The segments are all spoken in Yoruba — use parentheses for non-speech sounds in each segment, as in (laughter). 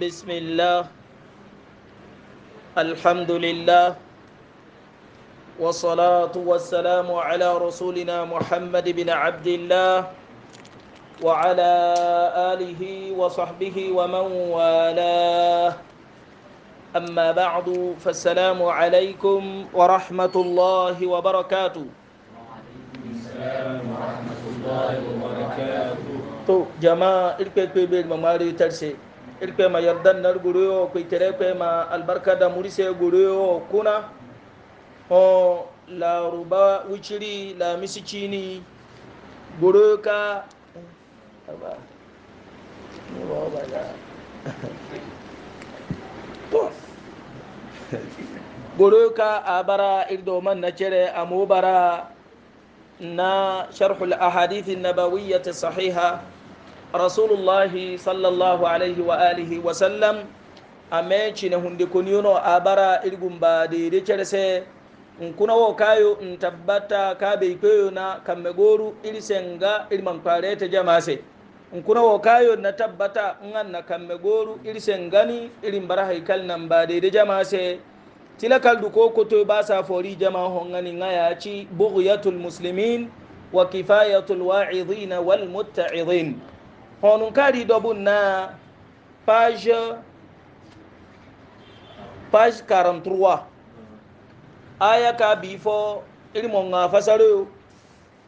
بسم الله الحمد لله والصلاة والسلام على رسولنا محمد بن عبد الله وعلى آله وصحبه ومن والاه أما بعد فالسلام عليكم ورحمة الله وبركاته السلام to jama'a جماعة kwebe mamari ترسي irpe ma yardan nar guruyo ku tere pe ma albarka da murise guruyo kuna ho la ruba wuciri la misikini guruyo ka (laughs) guruyo ka abara irdoman na cere amubara na sharhul ahadithin nabawiyya sahiha رسول الله صلى الله عليه وآله وسلم ame cine hunde koniyono abara irgumba dede nkuna wo kayo ntabbata kabe ikweyo na kamme goru irisenga irman parete jamase nkuna wo kayo na tabbata ngan na kamme goru irisengani irin bara haikal nan ba dede jamase tila kaldu ko koto ba fori jama hongani ngaya bughyatul muslimin wa kifayatul wa'idina wal mutta'idin Roncari Dobuna, page, page 43. Aya ka bifo iri monga fasaro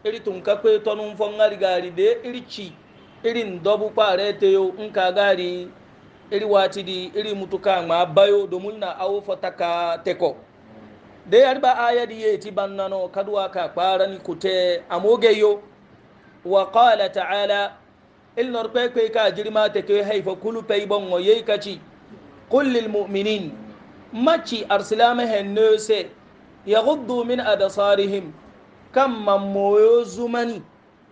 iri tunka kwe tonu mfongari gari de iri chi iri ndobu parete yo nka gari iri wati di iri mutuka ma bayo domin na awo fataka teko da ya aya di yeti bannano kaduwa ka kparani kute amoge yo wa qala ta'ala il nor kwe kwe ka jirma ta ke haifa kulu pay bon o yey kaci qul lil mu'minin maci arsilama no se yaghuddu min absarihim kam man moyo zumani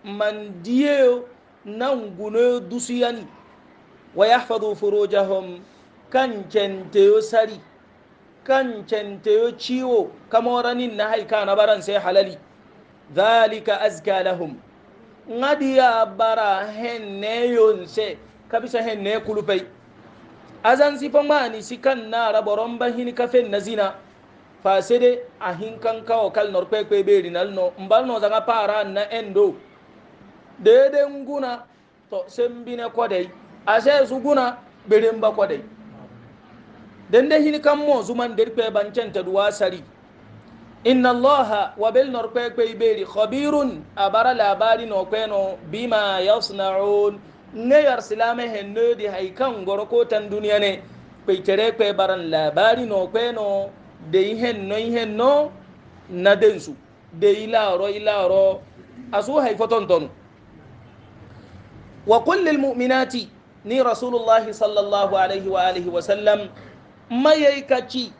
man diyeyo nan gunoyo dusuyani wa yahfadu furujahum kan kenteyo sari kan kenteyo ciwo kamoranin na haika na baran sai halali dhalika azka lahum ŋadiya bara hen neyon se kabisa hen ne kulupey agence fo mani si kan nara boromba hini ka fen na zina fa sede a hin kan kawo kal nor kwekwe beri nal no mbal no zanga para na endo dede nguna to sembine kodey a sesu guna berem ba kodey dende hini kan mo zuman der kwe ban chanta duwa sari inna allaha wabel norpe kwe iberi khabirun abara labari no kweno bima yasnaun ne yar silame henno di haikan goro ko tan duniya ne kwe tere kwe baran labari no kweno de ihen no ihen no na densu de ilaro ilaro asu haifoton tonu wa kullil mu'minati ni rasulullahi sallallahu alaihi wa alihi wa sallam mayaikaci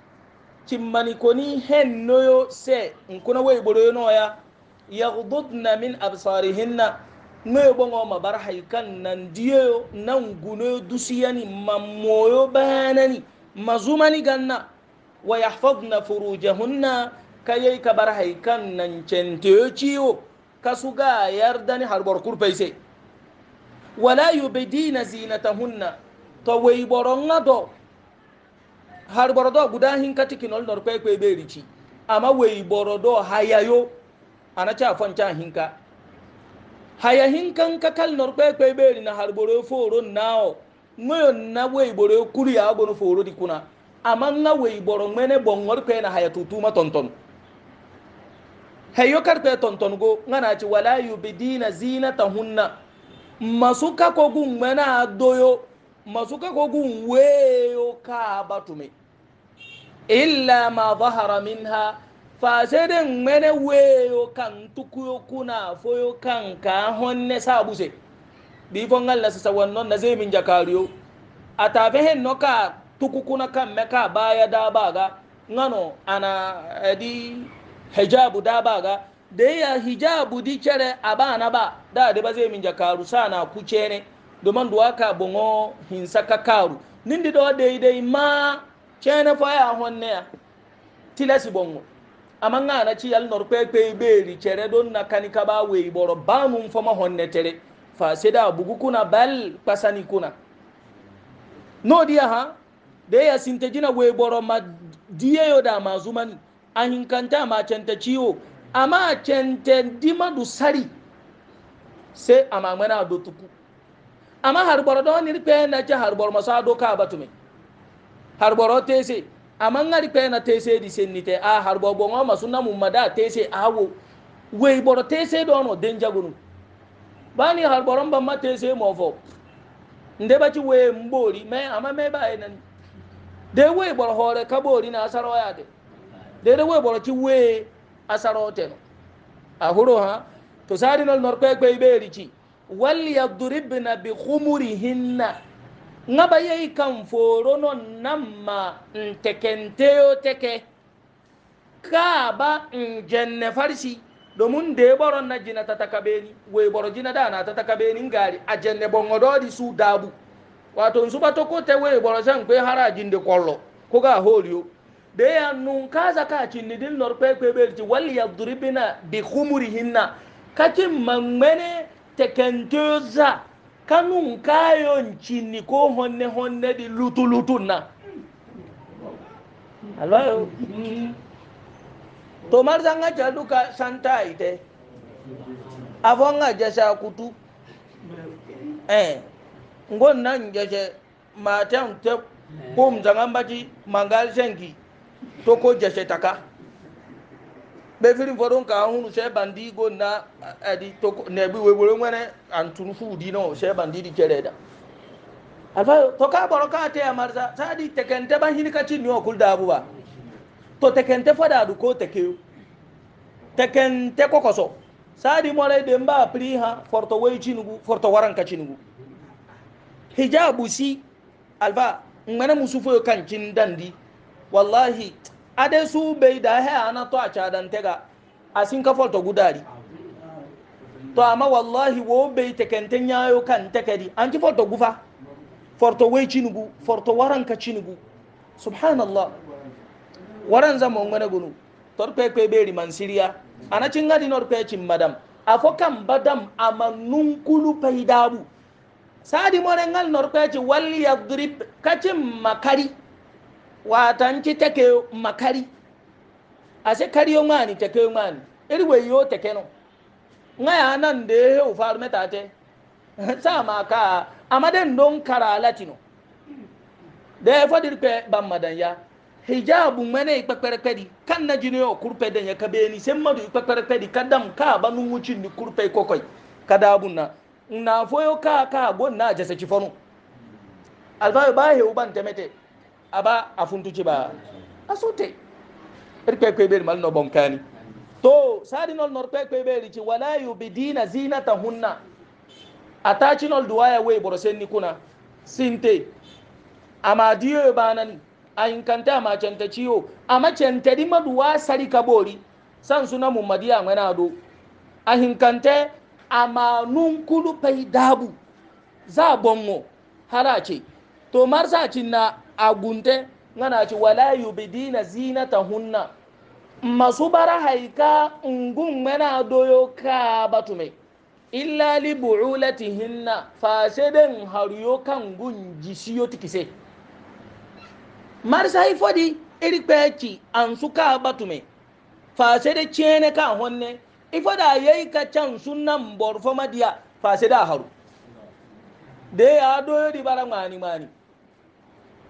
cimmani koni hen noyo se nkuna wey boroyo noya yagdudna min absarihinna noyo bongo mabar haikan nan diyoyo nan gunoyo dusiyani mamoyo banani mazumani ganna wa yahfadna furujahunna kayai kabar haikan nan centeyo ciwo kasu ga yardani harbor kurfaise wala yubdina zinatahunna to wey boronga do har borodo guda hin kati kinol nor kwe kwe berici amma wei borodo hayayo ana cha fon cha hinka haya hinkan kakal nor kwe kwe beri na har boro foro nao ngoyo na wei boro kuri ya gono foro di kuna amma na wei boro mene bongor kwe na haya tutuma tonton hayo karpe tonton go ngana ci wala yubidina na masu kako gun mena doyo masu kako gun weyo ka tume. illa ma dahara minha faseden ŋmene weyo kan tukuyo kuna foyo kan ka honne sabuse ɗi fo ŋal nasisawan non na zemin jakariyo atafe hen no ka tukukuna kamme ka baya dabaga ŋano ana adi eh, hijabu dabaga de ya hijabu di cere abana ba da de baze min jakaru sana kucene do man duwa ka bongo hinsa ka karu nindi do de de ma kyɛnɛ fɔ yɛ ahɔn nɛɛ tilɛsi bɔ ŋo ama ŋa na ci yali nɔr kpɛkpɛ beeri kyɛrɛ don na kani ba wei bɔrɔ baa mu hɔn nɛ tɛrɛ fa seda bugu kuna bal kpasani kuna n'o diya ha de ya sinte wei bɔrɔ ma diye yo da ma zumani a hinkanta ma cɛnta ciwo ama cɛnta dima du sari se ama ŋmɛna a do tuku ama haribɔrɔ dɔɔni kpɛɛ na cɛ haribɔrɔ maso a do kaa ba tumi harboro tese amma ngari pe na tese di sennite a ah, harbo bongo ma sunna mu mada ah tese awo wey boro tese do no denja gunu bani harboro ba ma tese mo fo nde ba ci wey mbori me amma me ba e nan de wey boro hore ka bori na asaro ya de de de wey boro ci wey asaro te no a huro ha to sari nol nor kwe kwe ibe rici wal yadribna bi khumurihinna ŋaba yei kan foro no namma ntekenteyo teke kaaba njenne farisi domin da ya na jina ta takabeni wai boro jina da na ta takabeni gari a jenne bongodo di su dabu wato su bato ko te wai boro san kwe harajin da kwallo ko ga horiyo da ya nun kaza ka cinni din lor pepe belti wal yadribina bi khumurihinna kakin mangmene tekenteyo za kanu nkayo nchini ko honne honne di lutu lutu na alwayo mm-hmm. to mar zanga jaluka santa ite avonga jesa kutu eh ngon nan jese matan te kum eh. zanga mbati mangal sengi toko jese taka befirin fodon ka hunu she bandi na adi eh, toko ne bi we wore ngene an turu fu di no she bandi di kere da alfa to ka boro ka te amarza sa di tekente ban hin ka tin yo da abuba to tekente foda du ko teke tekente kokoso sa di mole de mba pri ha forto we chinugu forto waran ka chinugu hijabu si alfa ngana musufu kan cin dandi wallahi ade su bai da he ana to a cadan tega asin ka folto gudari to amma wallahi wo bai tekenten yayo kan tekadi an ki folto gufa forto wai cinugu forto waran ka cinugu subhanallah waran zama ngana gunu torpe kwe beri man siriya ana cinga di norpe cin madam afo kan badam amannun kulu paidabu sadi mo ngal norpe ci wal yadrib kacin makari watanci take makari a se ŋmaani teke ŋmaani eri wei yoo teke no ŋaya nan de heu faru meta te (laughs) sama ka amaden don kara latino de fodiri kpe bammadan ya hijabu ŋmene i kpekpere kpedi kan na jiniyo kurpe den ya kabeni semmadu i kpekpere kpedi kadam ka ba nuŋucindi kurpe kokoy kadabunna na foyo ka ka gon na jase cifonu alfayo ba heu ban temete aba afuntu ciba asute ir kwekwe beri mal bonkani to sadi nol nor kwekwe beri ci wala yubdina zinatahunna ataci nol duwaya we boro senni kuna sinte ama diyo banani ayin kanta ama canta ciyo ama canta di maduwa sari kabori san suna mu madiya ngana do ahin ama nunkulu pay dabu za bongo harace to marsa cinna agunte ngana ci wala yubdina zinatahunna masu bara haika ngun mana doyo ka batume illa li bu'ulatihinna faseden haruyo kan gun jisiyo tikise marsa ifodi irikpeci ansu ka batume fasede chene ka honne ifoda yayi ka can sunnan borfo madiya fasede haru de ya doyo di bara mani mani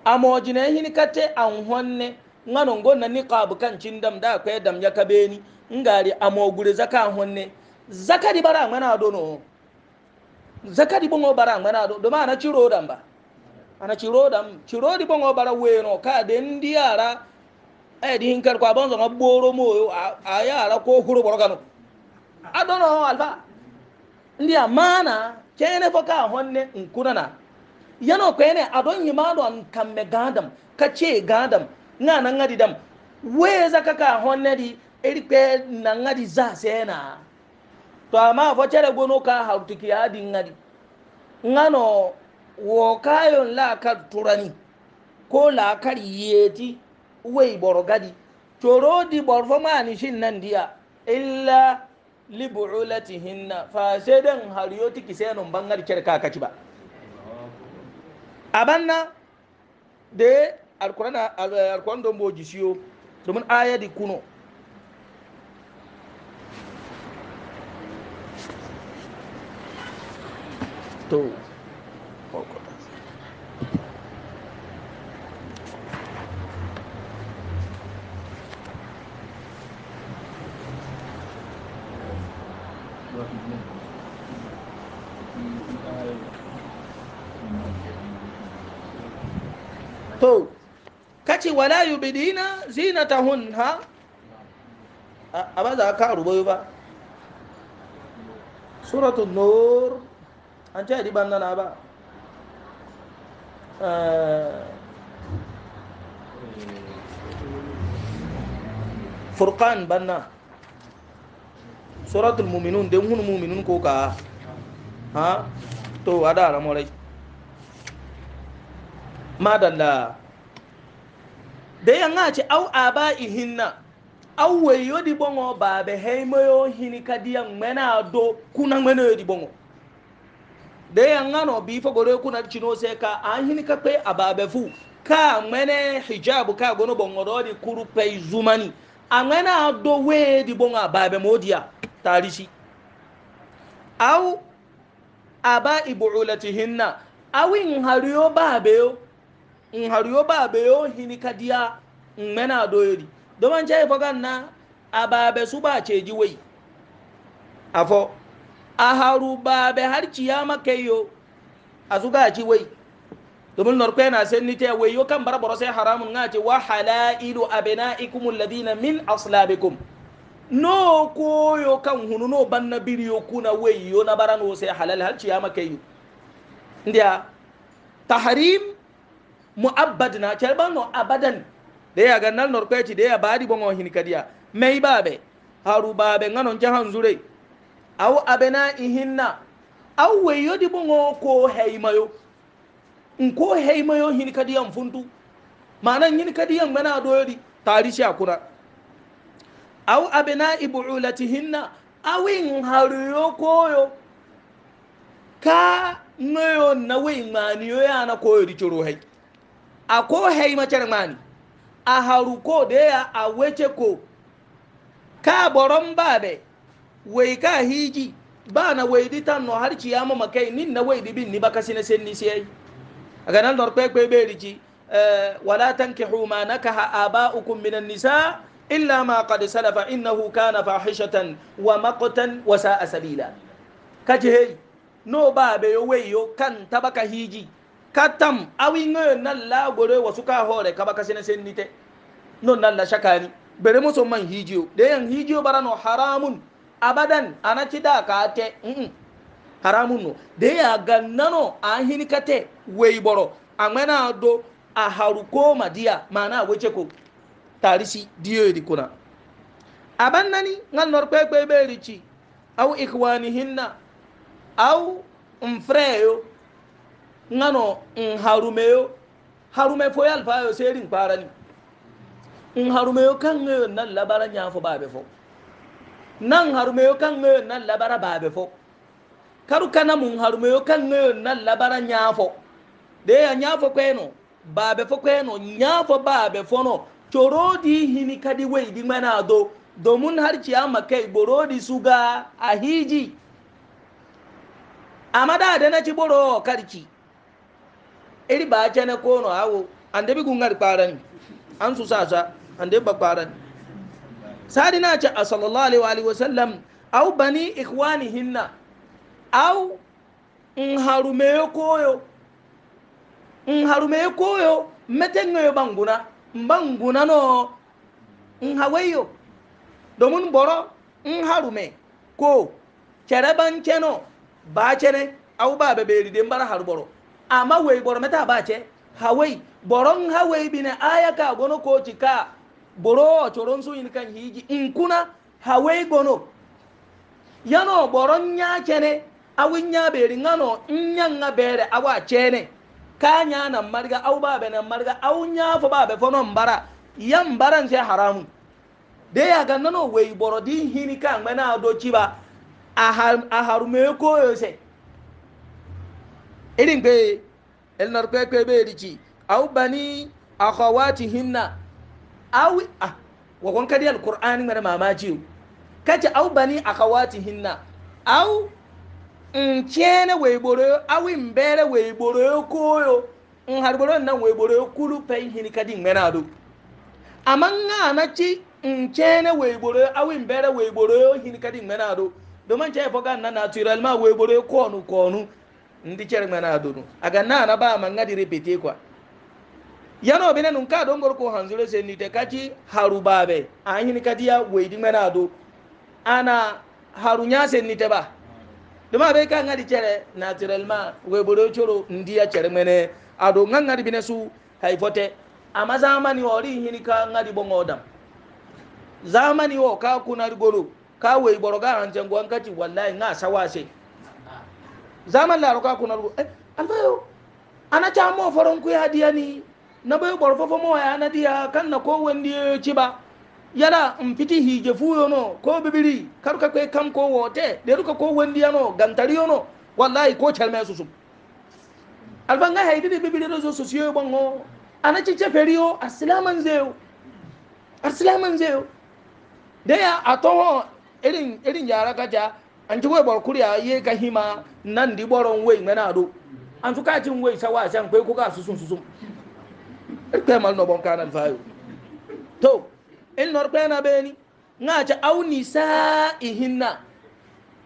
amojina hin kate an honne ngano ngonna ni qabu kan cindam da kwe dam ya kabeni ngari amogure zaka honne zakari bara ngana dono zakari bongo bara ngana do do ana ciro dam ba ana ciro dam ciro di bongo bara weno ka den diara eh di hinkar kwa bonzo ngaboro moyo a yara ko huro borogano adono alfa ndi amana kene foka honne nkunana yana ko yana adon yi ma don kan gadam ka ce gadam nga nan ngadi dam we za ka ka honne di iri pe nan ngadi za sena to amma fo cere gono ka hautiki ya di ngadi ngano wo kayon la ka turani ko la kar yeti wai borgadi coro di borfo ma ni shin nan dia illa li bu'ulatihinna fa sai dan hariyo tiki sai non bangar kirka kaci ba abanna de alkurana alkuran eh, don bo jisiyo domin aya di kuno to ce wala yubidina zinatahun ha a ba za ka rubo ba suratul nur an ce riban nana ba furqan banna suratul muminun den hun muminun ko ka ha to ada ramorai madalla da ya nga ce au aba ihinna au we yodi bongo ba be heimo yo hini kadiya mena do kuna mena di bongo da ya nga no bi fo gore kuna chino se ka an hini ka pe ababe fu ka mene hijab ka gono bongo do di kuru pe zumani a amena do we di bongo ababe modia tarishi au aba ibuulatihinna awin hariyo babe yo in har yo ba be yo hini kadiya in mena doyori domin ce fagan na ababe su ba ce ji wai afo a haru ba be har ciya maka yo a su ga ci wai domin norkwe na ni ta wai yo kan barbaro sai haramun na ce wa halailu abna'ikum alladhina min aslabikum no koyo kan hunu no ban na biriyo kuna wai yo na barano sai halal har ciya maka yo ndiya tahrim mu'abbad na charban no abadan da ya ganal nor kweci da ya badi bongo hin kadiya mai babe haru babe nganon jahan zure aw abena ihinna aw weyo di bongo ko heimayo nko heimayo hin kadiya mfuntu manan hin kadiya ngana doyodi tarishi akuna aw abena ibulatihinna awin haruyo koyo ka noyo na wai maniyo yana koyo di ciro a ko hei macer mani a haru ko da ya a wece ko ka boron babe wai ka hiji ba na waidi tan no har ciyama makai nin na waidi bin ni baka sine sen ni siyai aga nan dor pe pe beri eh, wala tankihu ma nakaha aba'ukum minan nisa illa ma qad salafa innahu kana fahishatan wa maqtan wa sa'a sabila kaje hey no babe yo weyo kan tabaka hiji katam awi ngoyo nalla gore wasuka ka hore kaba kasine sen nite non nalla shakani bere muso man hijiyo de yan hijiyo barano haramun abadan ana cida ka te mm -mm. haramun no de ya gannano an hinikate wei boro amena do a haruko madiya mana wace ko tarisi diyo di kuna aban nani ngal nor kwe kwe berici au ikhwanihinna aw mfreyo ngano in harumeyo harume fo yal fa yo serin parani in harumeyo kan ngayo nan labara nya fo babe fo nan harumeyo kan ngayo labara babe fo karu kana mun harumeyo kan ngayo labara nya fo de ya nya fo kweno babe fo kweno nya fo babe fo no corodi hini kadi wei di mana do domin har ciyama kai borodi suga a hiji a madada na ci boro karki iri ba cene kono awo ande bi gungar kparani an su sasa ande ba kparani sadi na ce a sallallahu alaihi wa alihi wa sallam aw bani ikhwanihinna aw in harume koyo in harume koyo meten ngoyo banguna mbanguna no in hawayo domin boro in harume ko cere ban ceno ba cene aw ba be beride mbara har boro ama wai boro mata ba ce hawai boron hawai bi na aya ka gono ko cika boro coron su in kan hiji in kuna hawai gono yano boron ya kene awin ya beri ngano in nga bere awa cene kanya na marga au ba be nan marga au nya fo ba be fonon bara yan baran sai haramu de ya ga nano wai boro din hini kan mana do ciba a harume ko yose irin pe el narpe pe be rici aw bani akhawatihinna aw ah wa kon kadi alqur'ani mara mamaji kace aw bani akhawatihinna aw nchene weiboro au mbere weiboro koyo in harboro nan weiboro kulu pe hini kadi mena do amma nga na ci nchene weiboro aw mbere weiboro hini kadi mena do do man che foga nan natural ma weiboro konu konu ndi cere mana adunu aga na na ba man ngadi repete kwa yano bene nun ka don gorko hanzure se ni te kaci haru babe anyin kadiya weidi mana ado ana haru nya se ni te ba duma be ka ngadi cere naturellement we boro choro ndiya cere mene ado ngangadi bine su haifote amma zamani ori hini ka ngadi bongo dam zamani wo ka kuna rigoro ka we boro ga hancen gwan kaci wallahi nga sawase zaman laro ka kuna rugo eh, albayo ana ta mo faron ku ya diya ni na bayo borfo fo mo ya na diya kan na ko wandi ci ba yara in fiti hije fuyo no ko bibiri kar ka kai kam ko wote da ruka ko wandi ya no gantari no wallahi ko charme su su alban ga haidi bibiri do su su yo bango ana ci ce feriyo aslaman zeo aslaman zeo da ya atoho irin irin yara kaja anci wai barkuriya ye ka hima nan di boron wai ngana do an su kacin wai sawa san kai kuka susun susun kai mal no bon kanan fayo to in nor kana beni nga ta au nisa ihinna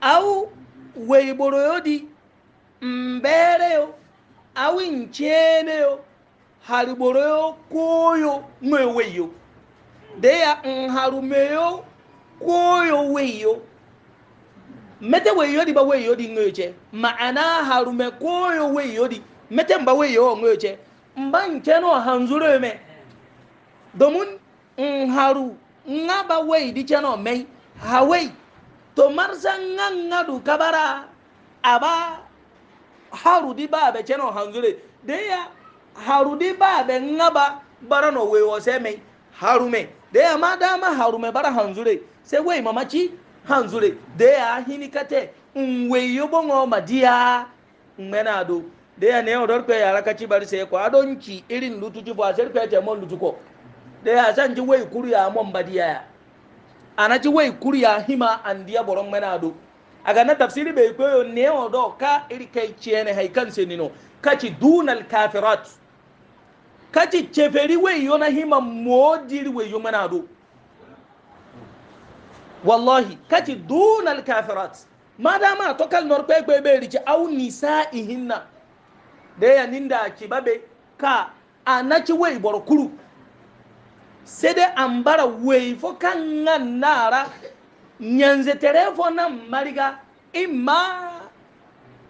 au wai boroyodi mbere au inchene yo hariboroyo koyo ngwe weyo deya nharumeyo koyo weyo mete weyodi ba weyodi ngoyoche maana harume koyo weyodi mete mba weyo ngoyoche mba nkeno hanzuro me domun haru nga ba wey di cheno mei hawei to marsa nga nga du kabara aba haru di ba be cheno hanzure de ya haru di ba be nga ba bara no weyo se mei harume de ya ma dama harume bara hanzure se wey mamachi hanzure da ya hini kate nwe yobo ngo madia mena do da ya ne odor pe yara kaci bari sai ko adonki irin lutuji ba sai pe te mon lutuko da ya san ji wai kuru ya mon badiya ana ji wai kuru ya hima andiya boron mena do aga na tafsiri bai koyo ne odo ka iri kai ciene haikan senino kaci dunal kafirat kaci ceferi wai yona hima modiri wai yo do wallahi kati dunal kafirat madama to kal nor kwe kwe beri ci aw nisaihinna de ya ninda ci babe ka anaci wei boro kuru sai dai an bara wei fo kan nan nara nyanze terefo nan mariga imma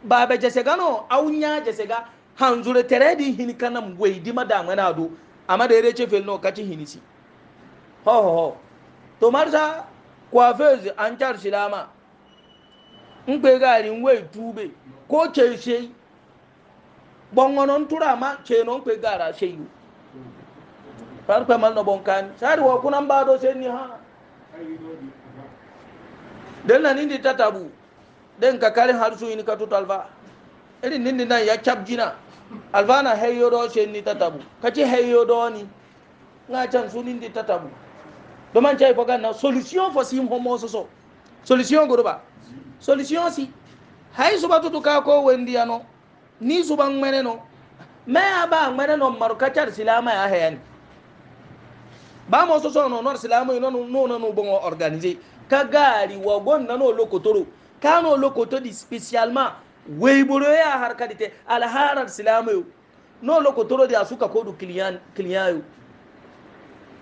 babe jese gano aw nya jese ga hanzure tere di hini kanam wei di madama na do amma da yare fel no kaci hinisi ho ho ho to marsa coiffeuse an car silama in kwe garin wai tube ko ce sai bongonon tura ma ce non kwe gara sai yi farko mal na bonkani sari wa kunan ba do sai ni ha den na nindi tatabu den ka kare har su ka tutu alfa irin nindi nan ya cabjina alfa na hayyo do sai ni tatabu kaci hayyo do ni nga can su nindi tatabu do man chay foga na solution fo sim homo so solution go solution si hay suba to ka ko wendi ano ni suba ngmene no me aba ngmene no maru ka char silama ya hayani ba mo so so no no silama no no no no bon organiser ka gari wa gonna no lokotoro kano lokoto di spécialement weyboro ya harkadite alharar silama yo no lokotoro di asuka kodu client client yo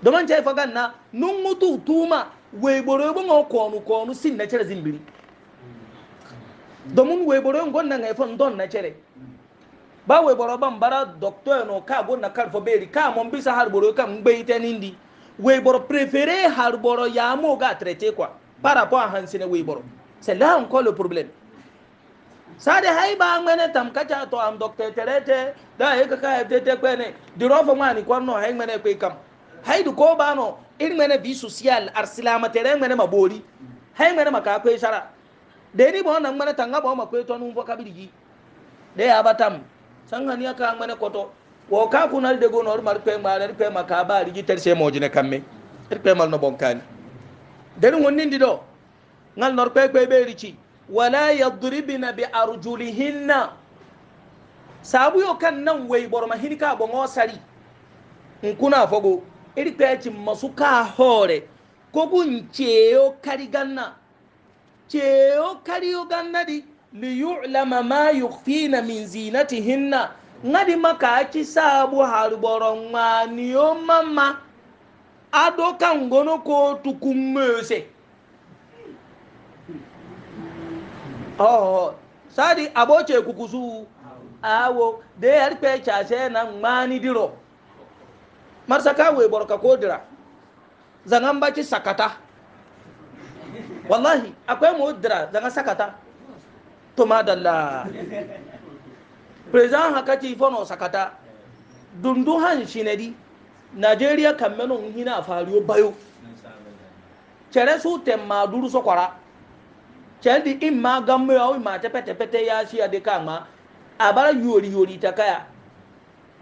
domin ce fagan na nun mutu tuma weboro bin o konu konu sin na cire zimbiri domin weboro ngon na ngaifon don na cire ba weboro ban bara doctor no ka gon na karfo beri ka mon bisa harboro kan gbeite nindi weboro prefere harboro ya mo ga trete quoi para po à ne weboro c'est là encore le problème sade hay ba ngene tam kacha to am docteur terete da e ka ka tete kwene diro fo mani kwanno hay ngene kwe kam haydu ko bano irin mene bi social arsilama tere mene mabori hay mene makakwe shara de ni bo nan mene tanga bo makwe to nun bo kabirigi de abatam sangani aka mene koto wo ka kunal de gonor mar pe mar pe makaba rigi terse mojine kamme er pe mal no bonkani den wonnin dido ngal nor pe pe be rici wala yadribna bi arjulihinna sabu yo kan nan wey borma hinika bo ngosari nkuna fogo iri peci masu ka hore kogun kari ganna ceyo kari ganna di liyulama ma na min zinatihinna ngadi maka ci sabu harboro ngwaniyo mama ado kan gono ko tukummese oh sadi aboce kukusu awo de yar peci ase na ngmani diro marsa ka we borka ko dira zangan baki sakata wallahi akwai mu dira zangan sakata to madalla president hakati fono sakata dundu han di, nigeria kan menu hina fariyo bayo chere su temma duru sokwara chere di imma gambe au imma tepetepete ya shi adeka ma abara yori yori takaya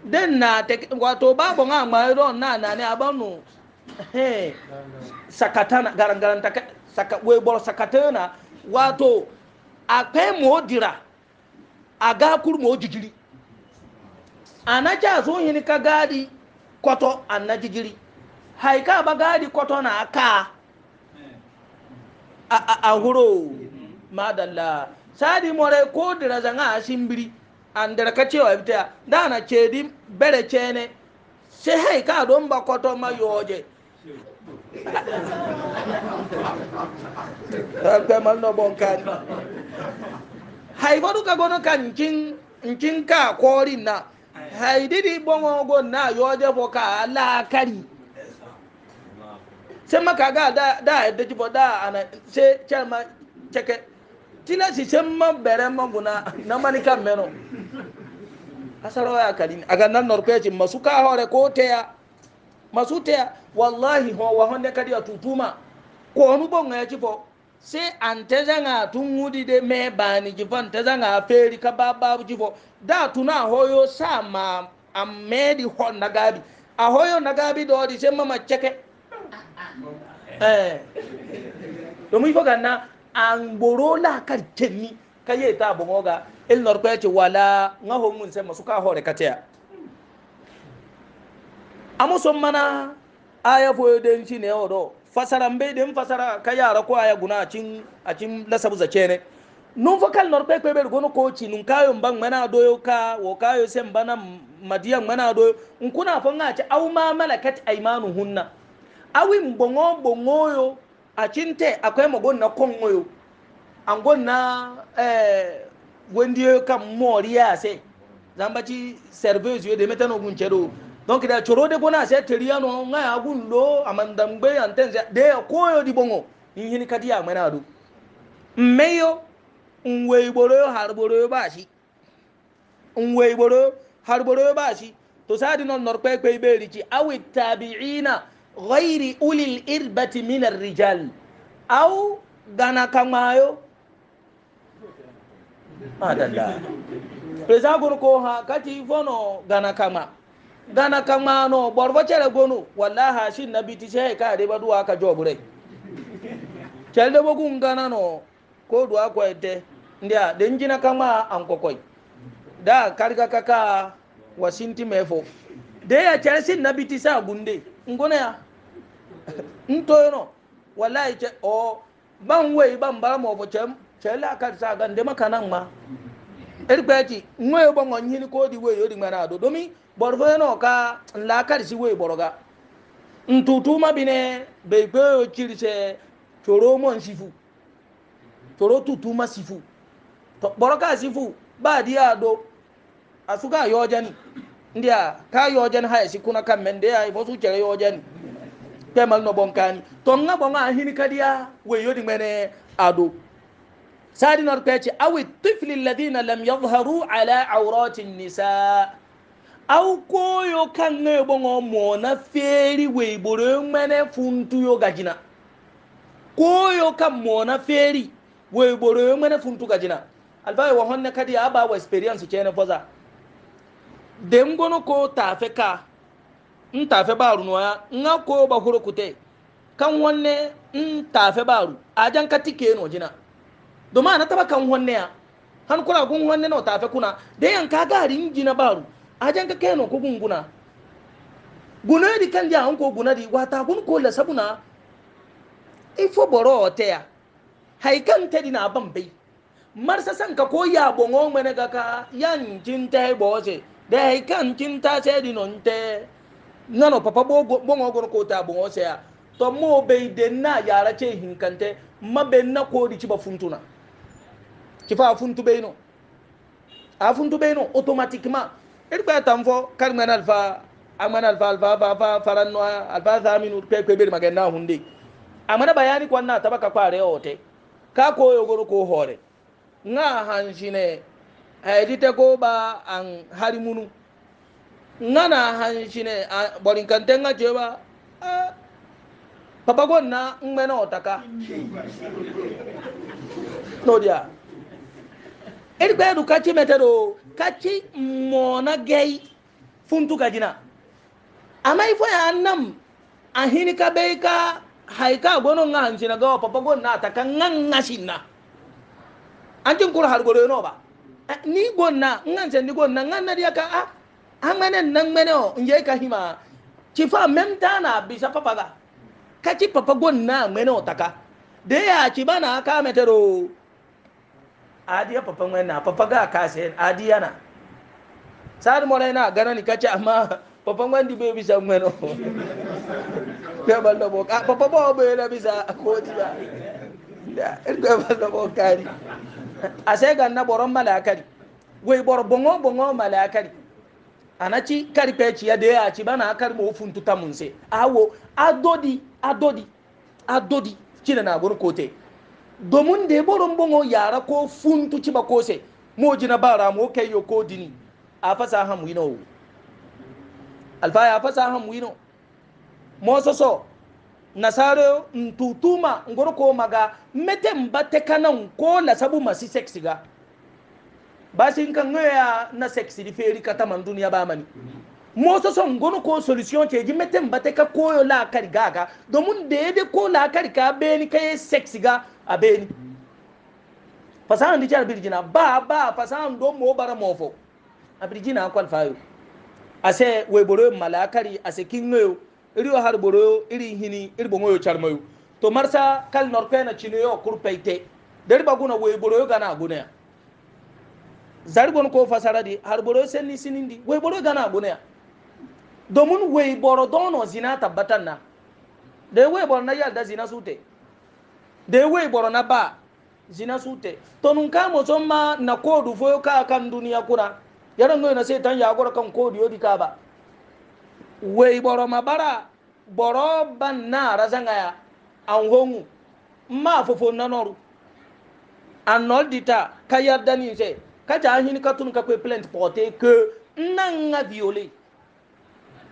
den na wato babu nga ma ron na na ne abanu he sakatana garan garan ta saka we bor sakatana wato akwai mo dira aga kur mo jigiri anaja zo hin ka gadi koto anna jigiri haika ba gadi koto na aka a, a, a huro mm-hmm. madalla sadi more ko dira zanga asimbiri andara ka cewa bita da na cedi bere cene sai hai ka don ba kwato ma yoje ta mal no bon kan hai bodu ka gono kan kin kin ka kori na hai didi bon go na yoje fo ka la kari sai maka ga da da da da ana sai chairman cheke tina sise ma bɛrɛ ma gunna namani ka mɛnɔ asarawa ya kalini aga nan norpeji masu ka hore ko ya. masu teya wallahi ho wa honde kadi atutuma ko onu bo ngaya jibo se anteza nga tungudi de me bani jibo anteza nga feri ka baba jibo da tuna hoyo sama amedi ho nagabi a naga bi do di se mama cheke eh domi foga na angoro la kar kenni kaye ta bongoga il norko yace wala ngaho mun sai masu ka hore kataya mana aya foyo den shi ne odo fasara mbe den fasara ka yara ko aya guna acin acin lasabu zace ne nun fa kal norko pe ber gono ko ci nun kayo ban mana doyo ka wo kayo sem bana madiyan mana doyo in kuna fa ngaci au ma malakat aymanuhunna awi mbongo bongoyo a cinte akwai magon na kongoyo an gonna eh ka kan moriya sai zambaci service yo de metano gunchero donc da choro de gona ase teriano nga ya gunlo amandambe antenze de koyo di bongo hini kadi a mana do mmeyo nwe igboro yo harboro yo bashi nwe igboro harboro yo bashi to sadi non norpe pe iberi awi tabi'ina ghairi ulil irbati min arrijal au gana kamayo madalla reza gun ko ha kati fono gana kama gana kama no borbo cere gonu wallahi shin nabi ti sai ka de baduwa ka jobure celde bogun gana no ko duwa ko ete ndia denjina kama an kokoi da karga kaka wasinti mefo de ya cere shin nabi ti sa bunde ngone ya ntoyno wallahi ce o ban wei ban bara mo fo cem cele akar sa ga ndema kanan ma ergbeti nwe bo ngon hin ko di wei yodi ngana do domi borfo no ka la kar si wei boroga ntutu ma bine be gbe kiri chirise choro mo nsifu choro tutu ma sifu to ka sifu ba di ado asuka yo jani ndia ka yojen haya si kuna kam men dia bo su chere yojen pe mal no bonkani to nga bonga hini kadia we yodi mene adu sadi nor peci awi tifli alladhina lam yadhharu ala awrati nisa aw koyo kan ne bongo mona feri we boro mene funtu yo gajina koyo kan mona feri we boro mene funtu gajina alfaye wa honne kadi aba wa experience kene foza den gono ko tafe ka n tafe baru noya nga ko ba kute kan wanne n tafe baru a jan ka tike no jina domin ana taba kan wanne ya han kula gun no tafe kuna da yan ka gari n jina baru a jan ka keno ko gun guna guna di kan dia an ko guna di wata gun ko la sabuna ifo boro ote ya haikan tedi na ban bai marsa san ka ko ya bongo mene ga ka yan jin tai dai kan kinta sai di non te nano papa bogo bongo gono kota bongo sai ya to mo bai den na yara ce hinkante mabe na kodi ci ba funtuna ki fa funtu bai no a funtu bai no automatiquement irba tanfo karmen alfa amana alfa alfa alfa faranno alfa zaminu pe pe bir magana hunde amana bayani kwanna tabaka kware ote ka koyo goro ko hore nga hanshine ayedite ko ba an hari munu ngana hanshine borin kante nga ce ba papa gonna ngmena otaka no dia eri gbe du kachi metero kachi mona gay funtu kajina Amai ifo ya annam ahini ka bai ka haika gbono nga hanshine ga papa gonna ataka nga nga shinna anjin kur har gore no ba ni gonna ngan sen ni gonna ngan na dia ka a ah, amene nang mene o oh, nje ka hima ci mem ta na bisa papa ga ka ci papa gonna mene o oh, taka de ya ci bana ka metero adiya papa ngwen na papa ga ka sen adiya na sar mo na gana ni kace amma papa ngwen di be bisa ngwen o ya (laughs) balda bo ka papa bo be na bisa ko ti da da er ko bo ka ase ganna boron malakari wai bor bongo bongo malakari anachi kari peci ya de achi bana kari mo funtu tamunse awo adodi adodi adodi kina na gon kote domin da ya boron bongo yara ko funtu ci ba kose mo jina bara mo kai yo ko dini a fasa hamu ino alfa ya fasa hamu ino mo so so nasare ntutuma ngorko maga mete mbate kana ko la sabu masi sexy ga basi nka ngoya na sexy di feri kata man duniya ba mani moso son gono ko solution ke ji mete mbate ka koyo la kari gaga domin da ko la kari ka beni kai sexy ga a beni di jar birjina ba ba fasahan do mo bara mofo a birjina kwalfayo ase weboro malakari ase kingoyo iriyo har boroyo iri hini iri bongoyo charmayo to marsa kal norpena chinoyo kurpeite dari baguna wey boroyo gana gunaya zargon ko fasara di har boroyo senni sinindi wey boroyo gana gunaya domin wey boro dono zina tabbatan na da wey boro na yalda zina sute da wey boro na ba zina sute to nun ka mo ma na kodu foyo ka kan duniya kuna yaran no na sai tan ya gora kan kodu yodi ka ba wey boro bara boro ban na razanga ya an hongu ma fofo na noru an nol dita ka yarda ni se ka ja hin ka tun ka kwe plant pote ke nan nga viole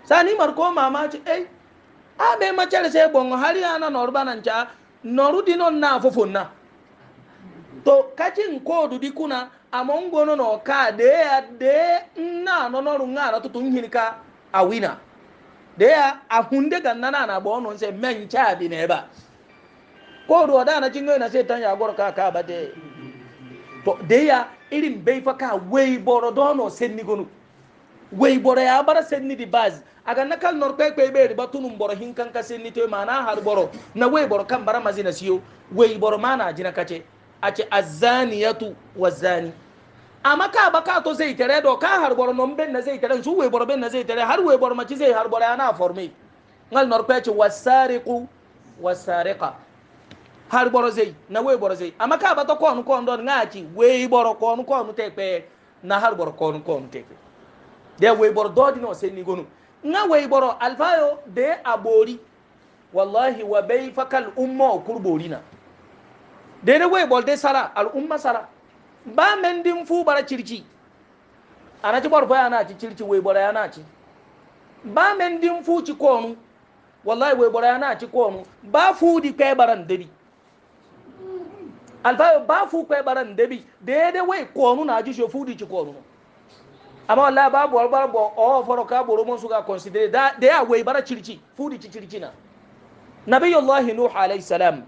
sani marko mama ci eh a be ma chere se bon hari ana noru banan cha noru dino na fofo na to kacin kodu di kuna amon gono no ka de ya de na no noru nga na tutun hin ka a winner da ya ahunde ganna na na bo non se men cha bi ne ba ko do da na na se ta ya gor ka ba to da iri irin bai fa ka wei boro do no sen ni wei boro ya bara sen di baz aga na kal nor kpekpe pe be ri batun boro hin kan ka sen ni to mana na wei boro kan bara mazina siyo wei boro mana jina kace ace azaniyatu wazani amma ka ba ka to zai tare do ka har bor nom ben na zai tare su we bor ben na zai tare har we bor ma ci zai har bor ana forme ngal nor pece wasariqu wasariqa har bor zai na we bor zai amma ka ba to kon kon don nga ci we bor kon kon te pe na har bor kon kon te pe de we bor do di no se ni gonu nga we bor alfayo de abori wallahi wa bai fakal umma kurborina de de we bor de sara al umma sara ba men ndị fu bara circi ana ci barfo ya na ci circi wai bara ya na ba men ndị fu ci konu wallahi wee bara ya na ci konu ba fu di kai baran dabi alfayo ba fu kai baran dabi wai konu na ji shofu di ci konu amma wallahi babu walbar bo o faro ka boro mun suka consider da da ya wee bara circi fu di ci circi na nabiyullahi nuh alayhi salam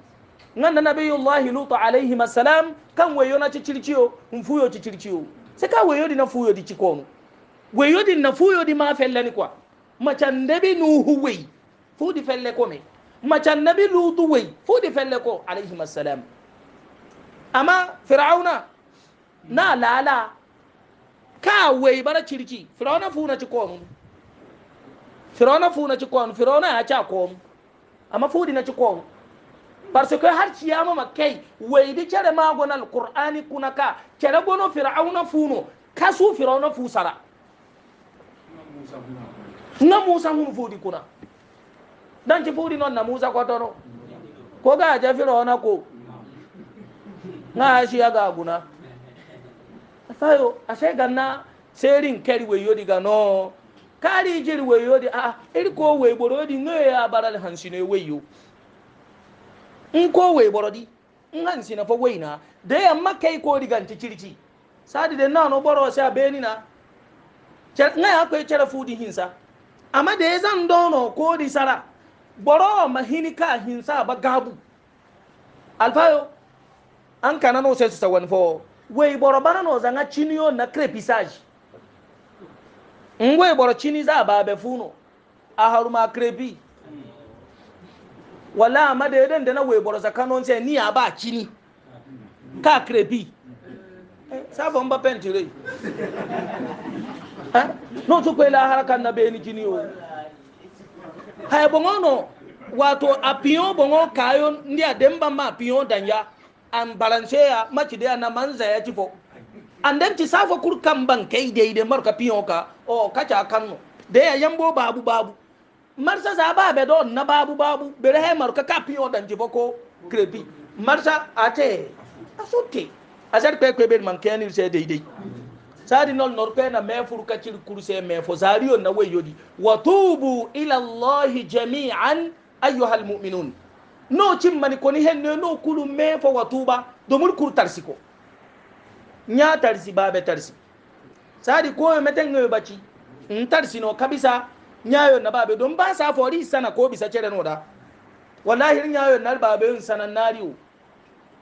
ngana nabiyullahi lutu alayhi salam kan weyo na cicirciyo in fuyo cicirciyo sai ka weyo di na fuyo di cikonu weyo di na fuyo di ma felle ni kwa macan dabi nuhu wei fu di felle ko me macan nabi lutu wei fu di felle ko alayhi salam amma fir'auna na lala ka wei bara circi fir'auna fu na cikonu fir'auna fu na cikonu fir'auna ya ca konu amma fu di na cikonu parce que har ciyama ma kai waidi cere magona alqur'ani kunaka cere gono fir'auna funo kasu fir'auna fusara na musa hun fudi kuna dan ci fudi non na musa kotono ko ga je fir'auna ko na shi ya ga guna asayo ashe ganna serin kari wayo diga no kari jiri wayo di a irko wayo borodi ngoya baral hansine wayo nko we borodi ngan sina fo weina de amma kai di digan ti kirki sadi de nano boro sa beni na ya ngai akwai chere fudi hinsa de eza zan na ọkọ di sara boro mahini ka hinsa ba gabu alfayo an kana no sai su sawan fo wei boro bana no zanga chiniyo na crepisage ngwe boro chini za ba be funo a haruma crepi wala amada yadda da na weboro kanon sai ni a ba kini ka krebi eh, sabon ba penti rai eh, no su kwela harakan na ni kini o hai bongo no wato a piyon bongo kayo ndi a demba ma piyon danya an balance ya maci da na manza ya ci fo an dan ci safo kurkan ban kai daidai marka piyon ka o kacha kan no da ya yambo babu babu marsa za ba be do na babu babu bere he maru ka kapi o dan jiboko krepi marsa ate asuke asar pe pe be man keni se dei dei sadi nol nor pe na me furu ka cir kurse me fo sariyo na we yodi wa tubu ila allahi jami'an ayyuha almu'minun no cin mani koni hen ne no kulu me fo wa tuba domin kur tarsiko nya tarsi babe tarsi sadi ko meten ngi baci ntarsi no kabisa nyayo na babe don ba sa fori sana ko bisa cere no da wallahi nyayo na babe sana nariyo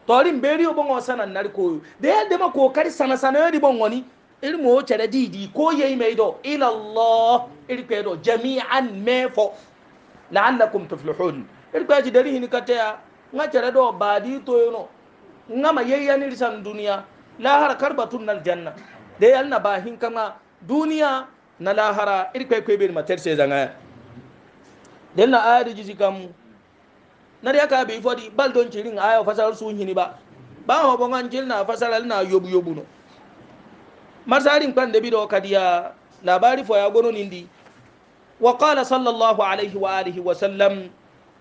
torin beriyo bon sana narko da yadda ma kokari sana sana yadi bon wani ilmu o cere didi ko yayi mai do ila allah ilpe do jami'an mefo la'allakum tuflihun ilpe ji dari hin kataya nga cere do badi to yono nga ma yayi ni risan duniya la har karbatun aljanna da yalna bahin kama duniya na lahara irkwe kwe bir matar sai zanga dan na aya da jiji kamu na da ka bi fodi bal don cirin aya fasar su hini ba ba ho bongan jil na fasar na yobu yobu no marsarin kan da bi do kadiya labari fo ya gono nindi wa qala sallallahu alaihi wa alihi wa sallam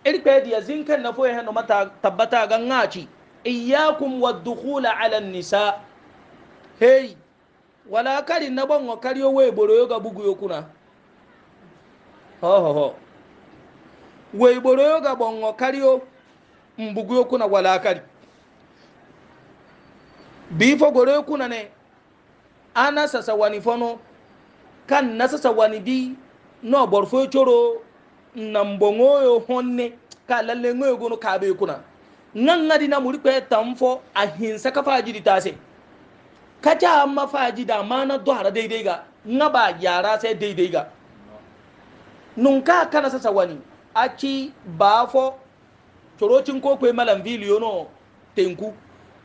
irkwe diya zinkan na fo ya no mata tabbata gangaci iyyakum wad dukhul ala nisa hey wala kari na gbanwa kari owe egboro yoga bugu yokuna hohoho we egboro yoga gbanwa kari o mbugu yokuna wala kari bifo goro yokuna ne ana sasa wani fono kan na sasa wani bi na borfo choro na mbongo yo honne ka lalle ngoyo gono ka na kuna nan di na muri pe tamfo ahinsa kafa jiri tase kaca an mafaji da ma na duhara daidai ga na ba yara sai daidai ga nunka kana sasa wani aki ba fo corocin ko kwe malam biliyo no tenku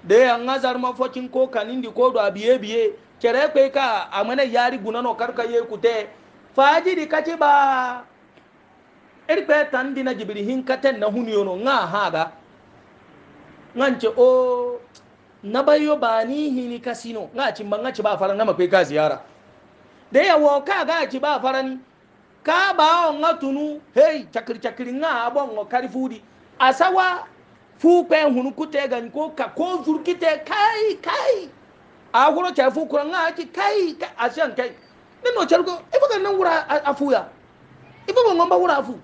da ya ngazar mafokin ko di ko do biye biye kere kwe ka amana yari guna no karka ye kute faji di kace ba irpe tandi na jibrihin katen na huniyo no nga haga ngance o oh na bayo ba ni hini kasino nga cin ban ci ba faran ngama kai ka ziyara da yawo ka ga ci ba faran ka ba on tunu hey chakri chakri nga abon ngo kari asawa fu pe hunu kute gan ko ka ko zurkite kai kai a goro cha fu kuran nga ci kai asian kai nino chalgo ifo kan nan wura afuya ifo bon ngomba wura afu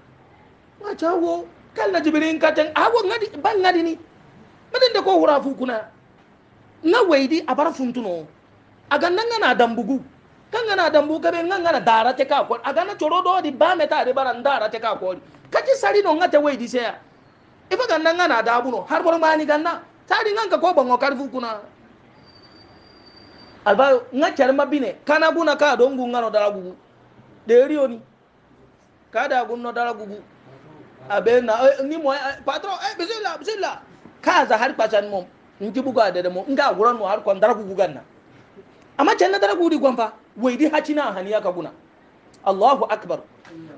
ma chawo kal na jibirin katen awo ngadi ban ngadi ni madan da ko wura afu kuna nga weidi abara funtuno aga nanga na dambugu kanga na dambu kabe nganga na dara te ka ko aga na choro do di bame ta de bara ndara te ka ko kaji sari no ngate weidi se ya ifa ga nanga na dabu no har bor mani ganna tari nganga ko bango karfu kuna alba nga char mabine kana buna ka do ngu ngano dara gugu de rioni kada gunno dara gugu abena eh, ni mo eh, patro. eh bismillah bismillah kaza har pasan mom nji buga da da mu nga guran no har kon dara ku gugan na amma can na dara di gwamfa wai di haci na haniya ka guna Allahu akbar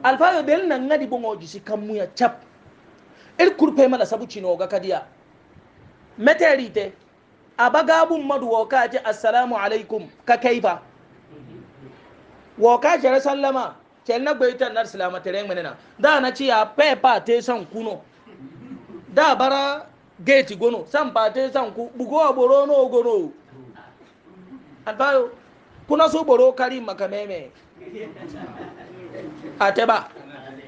alfayo del nan ngadi bongo jisi kammu ya chap ir kurpe mala sabu chino ga kadiya meteri te abagabun madu woka ce assalamu alaikum ka kaifa woka jere sallama kel na gbe ta nar salama tere menena da na ci ya pepa te son kuno da bara gate gono san pate san ku bugo boro no gono albayo kuna so boro kari makameme ateba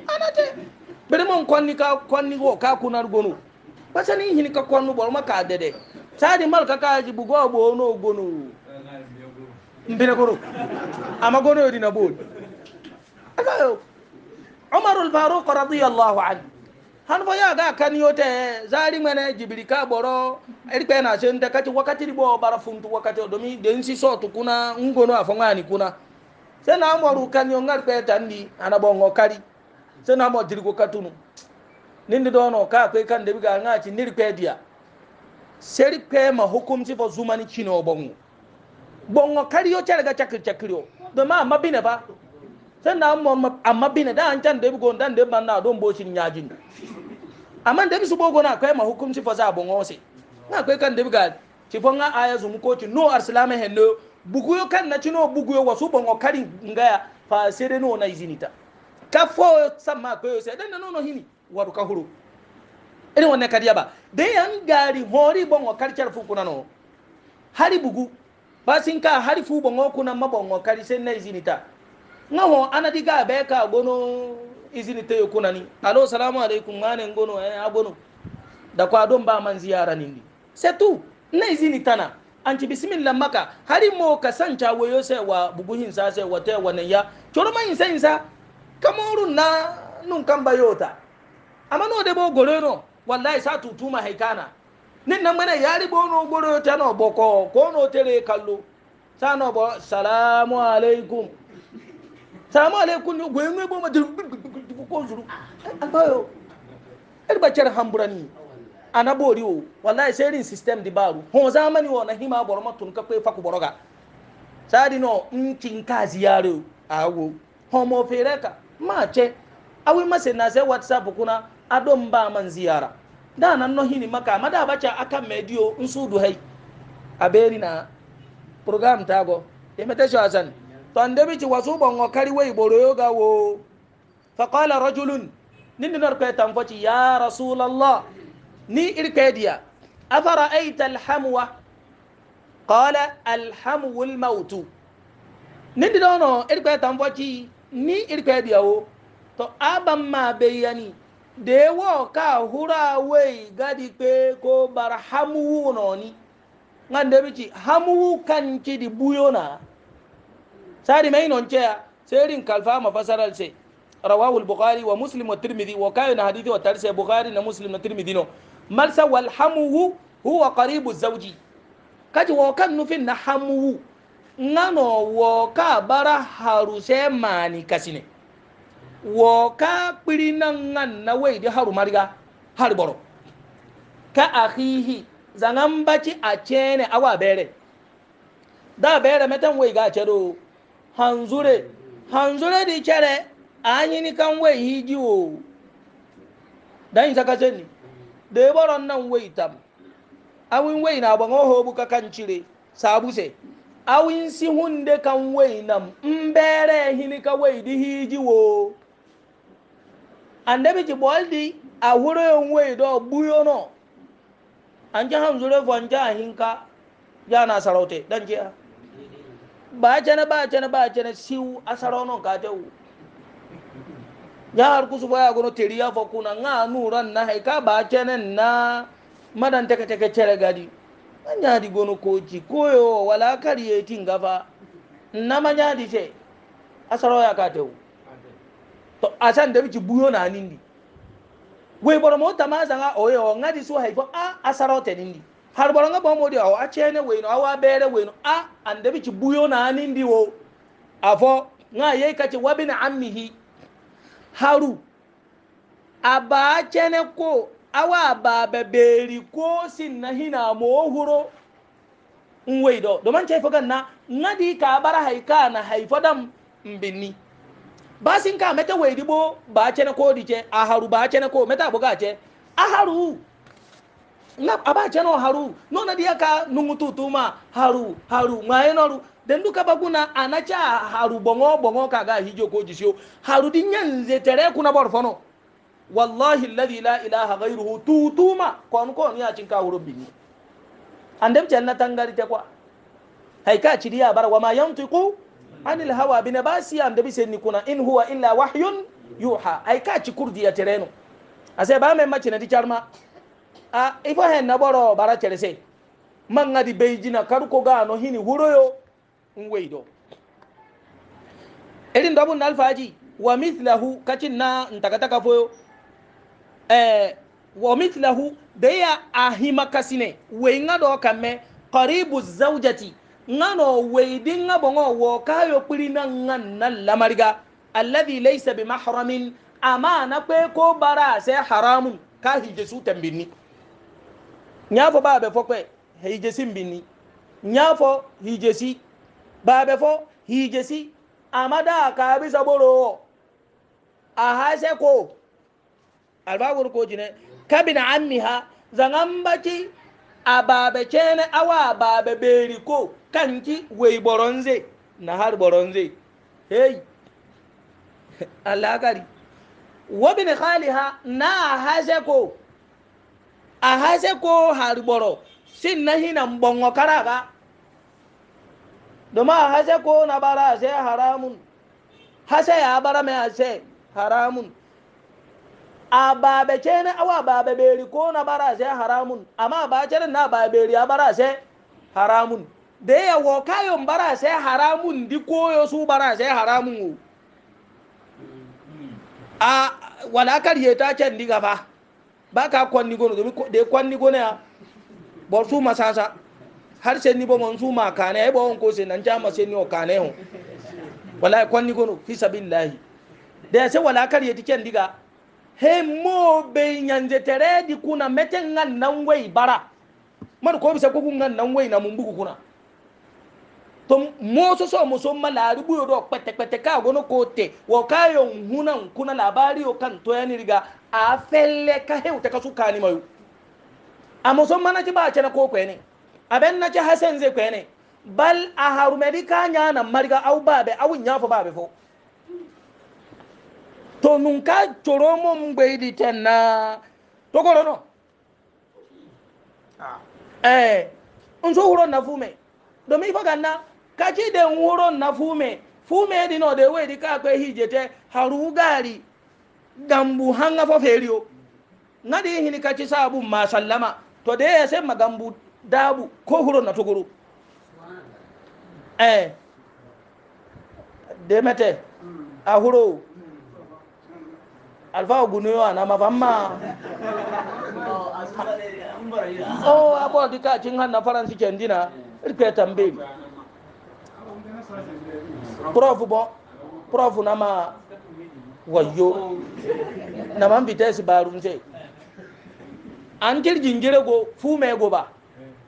anate bere mon konni ka konni go ka kunar gono basani hini ka konnu boro maka dede sadi mal ka kaji bugo bo no gono mbine gono ama gono yodi na bol albayo umar al-faruq radiyallahu anhu han fo ya ga kan yote zari mene jibiri ka boro erikpe na se nte kati wakati ribo bara funtu wakati odomi den si so to kuna ngono afongani kuna se na amoru kan yo ngar pe tandi anabo ngokari se na mo dirgo katunu nindi dono ka pe kan de biga ngati nirikpe dia serikpe ma hukumci fo zumani chino bongo bongo kari yo charga chakri chakri yo do ma mabine ba sen na mo amma bine da an can de bigo dan de banna don bo shin yajin amma da bi bogo na kai ma hukunci fa za bon wose na kai kan da bi ga fon a aya zum ko no arsalama hello buguyo kan na ci no buguyo wasu bon kari ngaya fa sai dai no na izinita ka fo sama kai sai dan no no hini waru ka huru irin wannan kadiya ba dai yan gari hori bon wakar kyar fu no hari bugu ba sin ka hari fu bon kuna mabon wakari sai na izinita ngaho anadiga be ka gono izini te yo kunani alo salamu alaikum ngane ngono eh abono da kwa don ba man ziyara nindi c'est tout na izini tana anci bismillah maka hari mo ka sanca wayo sai wa buguhin sa sai wa tai wannan ya coro man insa insa kamorun na nun kan bayota amma no de bo goreno wallahi sa tutuma haikana nin nan mana yari bono goro ta no boko ko no tere kallo sa no bo salamu alaikum salamu alaikum gwe gwe bo ma ko zuru albayo eh, ir eh, eh, bacer hamburani ana bori o wallahi sai rin system di baru ho zamani wo na hima boroma tun ka kwe faku boroga sadi no nkin ka ziyare awo homo fereka ma ce awi mase na sai whatsapp kuna adon ba man ziyara da nan no hini maka mada bacha aka medio nsudu hai aberi na program tago imitation hasan to andebi ci wasu bongo we iboro yoga wo faqala rajulun nindi nar kwe tanfoci ya rasulallah ni irkediya afara aita alhamwa qala alhamwu lmautu nindi dono irkwe tanfoci ni irkediya wo to aban ma beyani dewo ka hura wei gadi pe ko bar hamuwu noni ngande bici hamuwu kancidi buyona sari mai non ceya serin kalfa mafasaral se rawahu al-bukhari wa muslim wa tirmidhi wa kayo na hadithi wa tarisa bukhari na muslim na tirmidhi no malsa wal hamuhu huwa qaribu zawji kaji wa kan nufin na hamuhu ngano wa ka bara haruse mani kasine wa ka pirina ngan na wai haru mariga har ka akhihi zangan baci a cene awa bere da bere metan wai ga hanzure hanzure di cere anyi ni kan wai hiji dan isa ni da ya baron nan wai tam awin wai na ban ho bu ka kan cire sabu se awin si hunde kan wai nam mbere hini ka wai di hiji wo andabi ji boldi a wuro yon wai do buyo no an ji hanzure vonja hinka yana saraute dan je ba cene ba cene ba cene siw asaro non ka tewu ya har kusu baya gono teri ya fakuna nga nuran na haika ba kenen na madan teke teke cere gadi manya di gono koji koyo wala kariye tin gafa na manya di ce asaro ya ka tewu to asan debi bici buyo na nindi we boro mo tama zanga oyo nga di so haifo a asaro te nindi har boro nga bomo di awa chene we no awa bere we no a ande bici buyo na nindi wo afo nga yei kace wabina ammihi haru aba cene ko awa aba beri ko sin na hina mo huro in wai do domin ce fagan na ngadi ka bara haika na haifadan mbinni ba sin ka meta wai dibo ba cene ko dije aharu ba cene ko meta a je aharu nga aba cheno haru nuna na dia ka nungutu tuma haru haru ngaye noru den duka baguna anacha haru bongo bongo kaga hijo ko jisio haru di nyanze tere kuna borfono wallahi alladhi la ilaha ghayruhu tutuma kon kon ya cin ka hurubbini andem chelna tangari te kwa haika chidiya bar wa ma yantiqu anil hawa bin basi am dabi sen kuna in huwa illa wahyun yuha haika chikurdi ya tereno ase ba me macina di charma a ifo hen na boro bara cerese man ngadi beijina kar ko ga no hini huroyo in weido irin dabun na alfaji wa mithlahu kacin na ntakataka foyo eh wa mithlahu da ya ahima kasine wei nga do kamme qaribu zawjati nga no weidin nga bongo wo kayo pirina nga na lamariga alladhi laysa bi mahramin amana pe ko bara sai haramun ka hije su tambinni nyafo ba be fokwe hijesi mbini nyafo hijesi si ba be fo amada ka bi saboro a hase ko albagur ko jine kabina ammiha ha a babe cene awa babe beri ko kanki wei boronze na har boronze hey (laughs) alakari wabin ha na hase ko a hase ko hariboro sin na hina mbongo karaga doma a hase ko na bara ase haramun hase ya bara me ase haramun a babe cene awa babe beri ko na bara ase haramun ama ba cene na babe beri a bara ase haramun da ya wo kayon bara ase haramun di ko yo su bara ase haramun a walakar yeta cen diga ba ba ka kwanni gono domin da ya kwanni gono ya bor su masasa har sai ni bo mon su ma kane ai bo on ko sai nan jama sai ni o kane ho wallahi kwanni gono fi sabilillahi da ya sai wala kar tiken diga he mo be nyanje tere di kuna meten ngan nan wai bara mar ko bisa ko kun ngan nan wai na mun bugu kuna to moso so muso mala rubu do pete pete ka gono kote wo kayo huna kuna labari o kan to yani riga a felle ka hew ta kasu kani mayu a muso mana ci ba ce na ko ne aben na ci hasan zai ne bal a harumedi ka nya na mariga au babe au nya ba babe fo to nun ka coro mo mgbeidi tenna togoro no ah eh nso huro na fume domin ifa ganna kaci den na fume fume dino de wedi ka kwe hijete harugari gambu hanga fo feriyo ngadi hini kaci sabu ma sallama to de ya sai magambu dabu ko huron na tukuru. eh demete a huro alfa ogunuyo ana mafamma o abo dika cin hanna faransi kendina rikwe tambe prɔfu bɔ prɔfu nama wayo nama vitɛsi barumse ankiri jinjire go fume go ba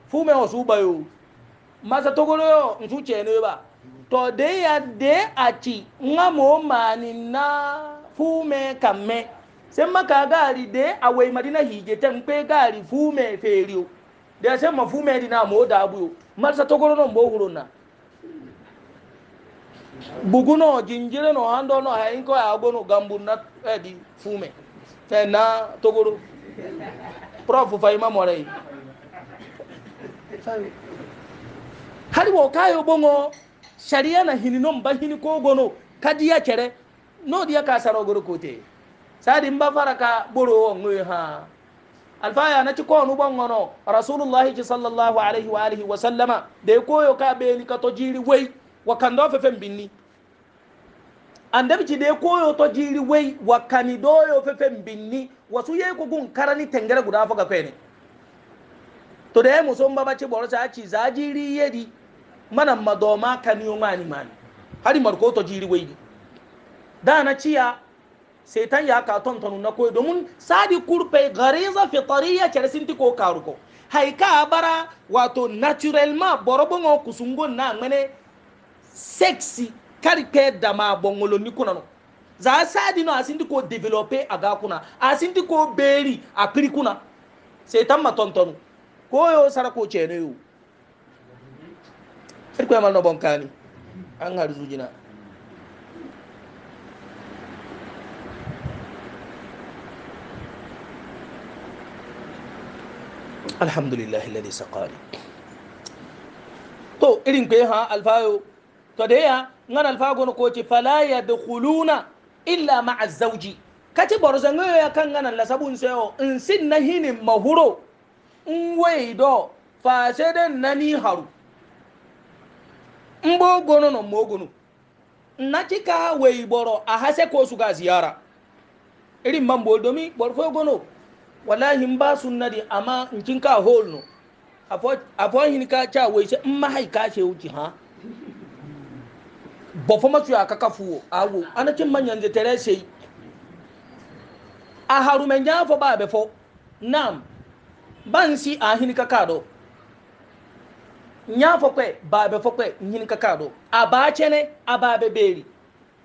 fume o su bayo masa togoro yo nsu cene ba to de ya de aci nga mo mani na fume kamme sai maka gari de awai madina hige tan pe gari fume feriyo da sai ma fume dina mo da abuyo masa togoro non bo huruna buguno jinjire no hando no hayin ko ya gonu gambu na edi eh, fume te eh, na togoro prof fayima morey hari wo kayo bongo sharia na hinino mba hini ko gono kadiya kere no dia ka saro goro kote sadi mba faraka boro wo ngoy ha alfaya na ci konu bongo no rasulullahi sallallahu alaihi wa alihi wa sallama de koyo ka be ni ka to jiri wei wakando fefen binni andabi ci de koyo to jiri wai wakani doyo fefen binni wasu ye ko gun karani tengere guda faga kwene to da mu son baba ci boro sa ci za jiri yedi mana madoma kaniyo mani mani hari marko to jiri wai da na ciya setan ya ka tontonu na koyo domin sadi kurpe gariza fitariya cersinti ko karuko haika bara wato naturellement borobon kusungon na ngene sexy karpe dama bongolo ni kuna no za sadi no asindi ko developer aga kuna asindi ko beri apiri piri kuna sai tamma tontonu ko yo sara ko chene yo irko yamal no bonkani an har zujina alhamdulillah ladi saqani to irin ko ha alfayo to de ya ngan alfagon ko ci fala yadkhuluna illa ma'a zawji kati borzo ngoyo ya kan ngan la sabun seo in sin na hini mahuro in wei do fa se den nani haru mbo gono no mogonu na cika wei boro a hase ko su ga ziyara irin mambo domi borfo gono wallahi mba sunnadi amma in kinka hol no afo afo hin ka cha wei se in mahai ka she wuci ha bɔfɔma tu akakafuo awo anakye mma nyanze tɛrɛ sei aharumanyaafo baa bɛfɔ nam bansi ahini kaka do nyaafo kpɛ baa bɛfɔ kpɛ nhini kaka do abaakyɛnɛ abaa bɛbɛɛri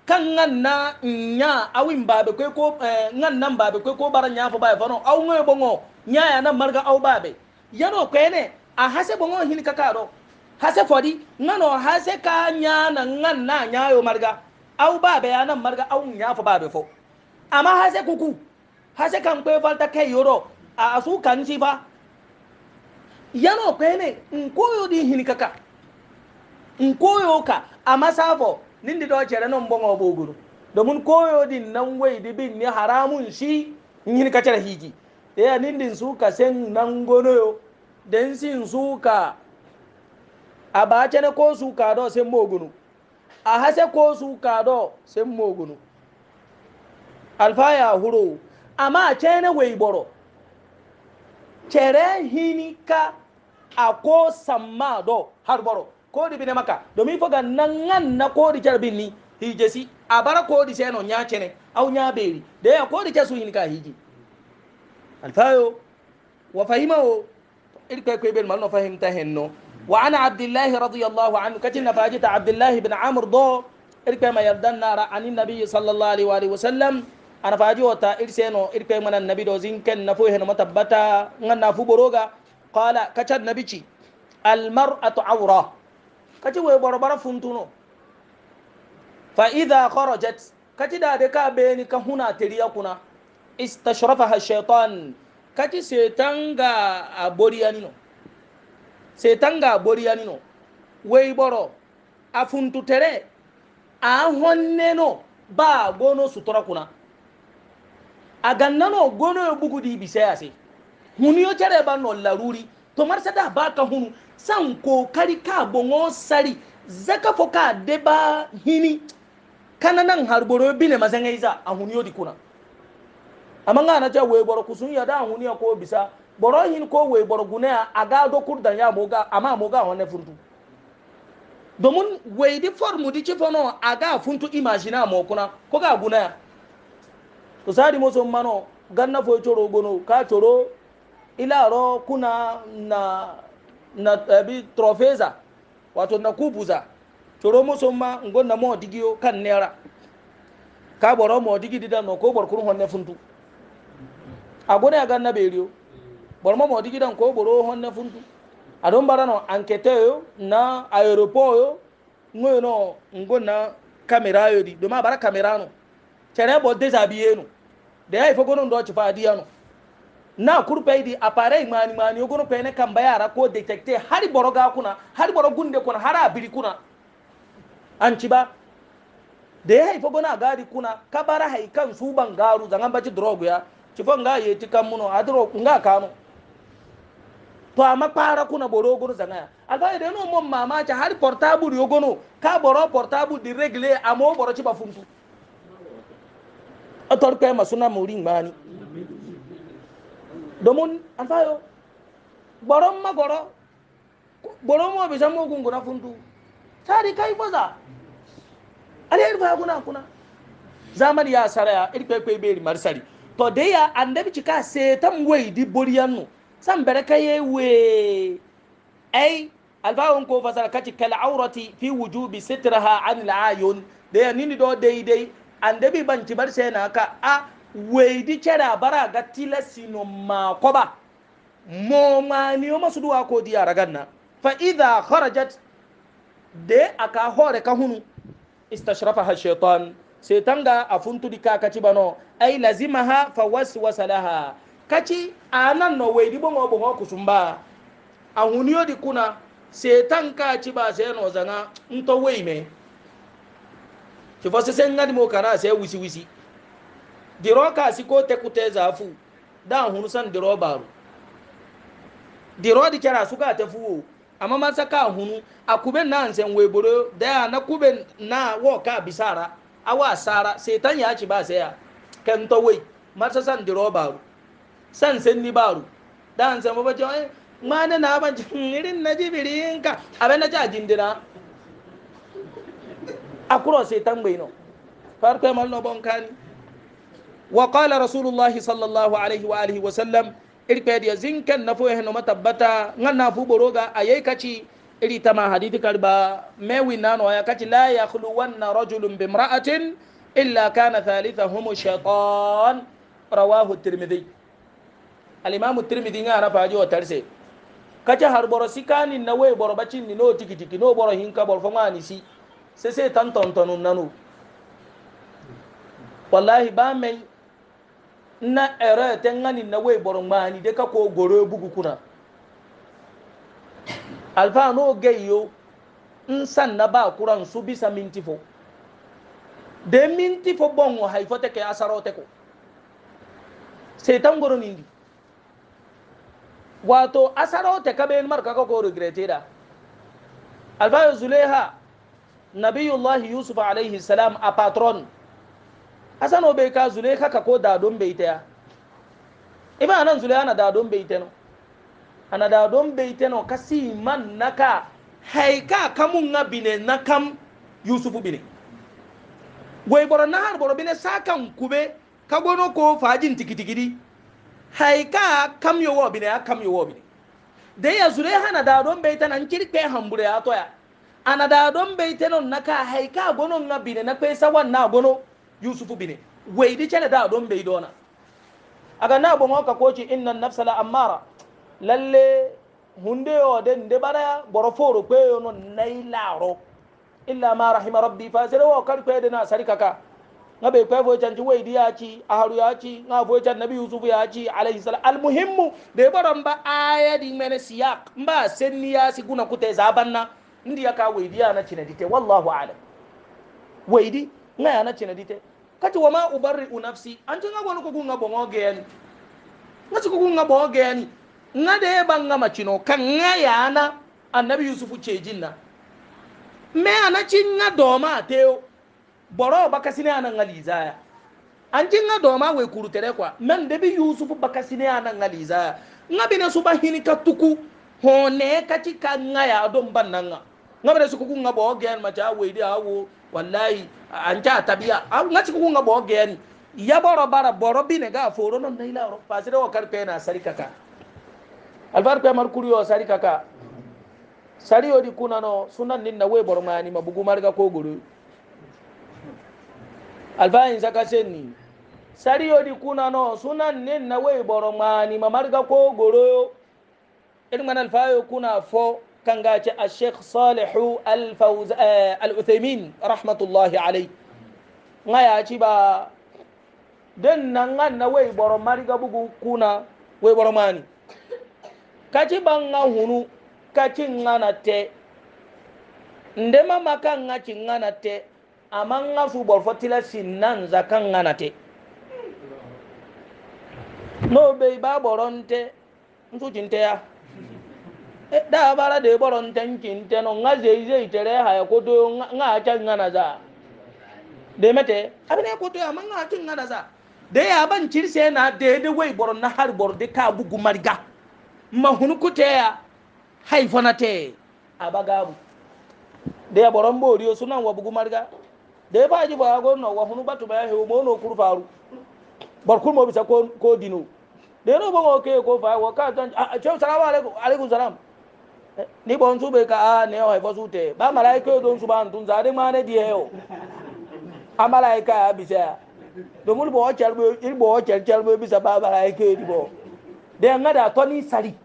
kan ŋa na nya awi mbaa bɛkwe ko ɛɛ eh, ŋa na mbaa bɛkwe ko bara nyaafo baa bɛfɔ no aw ŋa bɔŋɔ nyaa na marga aw baa bɛ yanni o kpɛɛ ne bɔŋɔ hini kaka do hase fodi ngano hase ka nya na ngan na nya yo marga au ba be anan marga au nya fa ba be fo amma hase kuku hase kan kwe falta kai yoro a asu kan si fa yano kwe ne nkoyo di hinikaka nkoyo ka amma safo nindi do chere non bongo boguru domin koyo din nan wai dibin ne haramun shi hinika chere hiji ya nindin suka sen nan gonoyo den sin suka a bacene ko su kado sen mogunu a hase ko su kado sen mogunu alfaya huro amma cene weiboro cere hini ka a ko samma do har boro ko bine maka domin foga nan nan na kodi di jarbin ni hijesi a bara ko di seno nya cene au nya beri da ya ko di kesu hini ka hiji alfayo wa fahimawo irka ko ibel no fahimta henno wa ana abdullahi radiyallahu anhu kacin na fajita abdullahi bin amr do irpe ma yardan nara ani nabi sallallahu alaihi wa sallam ana faji wata irseno irpe mana nabi do zinken na fo hen matabbata ngan na fu boroga qala kacan nabi ci al mar'atu awra kaci we borbara funtuno fa idha kharajat kaci da de ka beni ka huna teriya kuna istashrafaha shaytan kaci setanga aboriyanino Setanga ga boriyanino wey boro a funtutere a honneno ba gono sutora kuna a gannano gono yo bugudi bisaya se huniyo care ba no laruri to mar sada ba ka hunu san kokari ka bongo sari zaka foka ka deba hini kana harboro bine mazanga iza a huniyo di kuna amma ngana ja wey boro kusun ya da huniya ko bisa boro nke o wee boro gune a ga do kurdan ya moga amma moga wonne funtu domin wee di formu di ci fono a ga funtu imagina ọkụ na ko ga gune ya to sadi mo son mano ganna fo e choro ogbono ka choro ilaro kuna na na ebi trofeza wato na kubuza choro mo mma ma ngonna m digiyo kan nera ka boro mo digi didan no ko bor kurun honne funtu a gune ya ganna beriyo bormo mo digidan ko boro honne funtu adon barano enquêteur na aéroport yo ngoyo no na camera yo di do ma bara camera no tere bo déshabillé no de ay fogo no do ci fa diya no na kurpe di appareil mani mani yo gono pene kamba yara ko detecter hari boro ga kuna hari boro gunde kuna hara abiri kuna an ci ba da ya haifa gona gari kuna ka bara haikan su ban garu zangan baci drog ya ci fon ga yeti kan muno a drog nga kano to ama para kuna boro gono zanga alba ide no mom mama cha har portable yo ka boro portable di regle amo boro ci ba funtu ator kai masuna muri ngani domun alba yo boro ma goro boro mo be samo gungu na funtu tari kai boza ale irfa kuna kuna zamani ya saraya irpe pe be marsari to de ya andabi cika setan wai di boriyan no san berka ye we ai alfahun ko fasara kaci kal aurati fi wujubi sitraha anil ayun da ya nini do daidai an dabi ban ci bar sai na ka a weidi kera bara ga tilasino ma ko ba mo ma ni o masu duwa ko diya raganna fa idha kharajat de aka hore ka hunu istashrafaha shaitan sai tanga afuntu dika kaci bano ai lazimaha fa waswasa laha kaci anan no wai dibon obo ho kusumba ahuniyo di kuna setan ka ci ba sai no zanga nto wai me ci fo sai ngadi mo kana sai wisi wisi diro ka si ko te kute zafu da hunu san diro baro diro di kera suka ta fuwo amma ma saka hunu akuben na san wai boro da na kuben na wo ka bisara awa sara setan ya ci ba sai ya kan to wai marsa san diro baro san sen ni baru dan san baba jo ma na na ban (laughs) irin na jibirin ka abin na ja jindira akuro sai tambayi no farko mal no bon kani wa qala rasulullahi sallallahu alaihi wa alihi wa sallam irpe dia zinkan na fo heno eh matabbata ngan na fu boroga ayai kaci iri tama hadithi karba mewi nano ya kaci la yakhluwanna rajulun bimra'atin illa kana thalithahum shaytan rawahu at-tirmidhi alimamu tirmidhi nga na faji o tarse kaca har boro sikani na we boro bacin ni no tiki tiki no boro hinka boro fama ni si se se tan ton tonun nanu wallahi ba mai na ere te ngani na we boro mani de ka ko goro bugu kuna alfa no geyo nsan na ba kuran su bisa minti fo de minti fo bon wo haifo te ke asaro te ko setan goro nindi wato asaro ta kabe mar kaka ko regrete da alfayo zuleha nabiyullahi yusuf alaihi salam a patron asano bai ka zuleha ka ko dadon bai ta ya iba nan zuleha na dadon bai ta no ana dadon bai ta no kasi man naka haika kamun na bine na kam yusufu bine wai boro na har boro bine sakan kube kagono ko fajin tikitikiri haika kam yo wo bine kam yo wo bine de ya zure hana da don bai tanan kirke hambure ya toya ana da don bai tanan naka haika gono na bine na kai sawan na gono yusufu bine wai di cele da don bai dona aga na bo ka koci innan nafsa la amara lalle hunde yo den de bara boro foro kwe yo no nailaro illa ma rahima rabbi fa sere wo kar kwe de na sarikaka nga bai kai voican ci waidi ya ci aharu ya ci nga voican nabi yusuf ya ci alayhi salam almuhimmu da baran ba aya di mene siyak mba senni ya si guna kute zabanna ndi ya ka waidi ya na cina dite wallahu alam waidi nga ya na cina dite kati wa ma ubarri unafsi an ci nga gwanu kuku nga bongo geni nga ci kuku bongo geni nga da ya banga macino kan nga ya na annabi yusuf ce jinna me ana cin nga doma teo boro bakasine anan alizaya an jin ga doma wai kuru terekwa. men debi yusuf bakasine anan alizaya nga bi ne su bahini ka tuku hone ka ka nga ya don bannan nga nga kuku nga bo gen ma ja wai da awo wallahi an ta tabiya nga ci kuku nga bo gen ya boro bara boro bi ne ga foro non dai la ro fasire wa karpe na sarikaka albar pe mar kuriyo sarikaka sariyo di no sunan nin na we boro mani mabugu marga ko guru alfahin saka senni sariyo di kuna no sunan nin na wai boro mani mamarga ko goro irin man alfayo kuna fo kan gace a sheikh salihu eh, al-uthaymin rahmatullahi alai nga ya ci ba den na nga na wai boro mariga bugu kuna wai boro mani kaci ban nga hunu kaci nga te ndema maka nga ci te amma nga su bor fotila sinnan zakan te no be ba boronte nsu cinte ya e, da bara da boronte cinte no nga zai zai tere ha ya koto nga acha ngana za de mete abin ya koto amma nga acha ngana za de ya ban cirse na de de wai boron na har bor de ka bugu marga mahunu a ba gaabu de ya boron boriyo sunan wa bugu marga da ya baji ba gon no wa hunu batu ba he mo no kuru faru bar kuru mo bisa ko ko dino da no bon okay ko fa wa ka tan a ce salamu alaikum alaikum salam eh, ni bon su be ka a ne o fo su te ba malaika don su ba ntun zare ma ne die o a malaika ya bisa domin bo chal bo il bo chal chal bo bisa ba malaika di bo de da to ni sari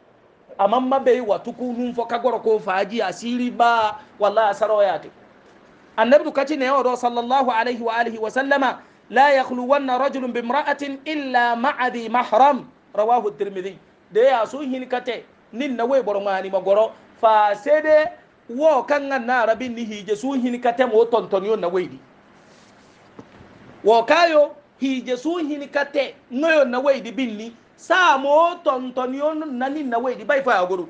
amma mabe wa tukunu fo kagoro ko faji asiri ba wallahi asaro ya te annabi kaci ne yawa sallallahu alaihi wa alihi wa sallama la yakhluwanna rajulun bi imra'atin illa ma'adi mahram rawahu tirmidhi da ya so hin kate nin na wai boro mani magoro fa sai de wo kan nan na rabin ni hije su hin kate mo tontonyo na wai di wo kayo hije su hin kate noyo na wai di binni sa mo tontonyo na nin na wai di bai fa agoro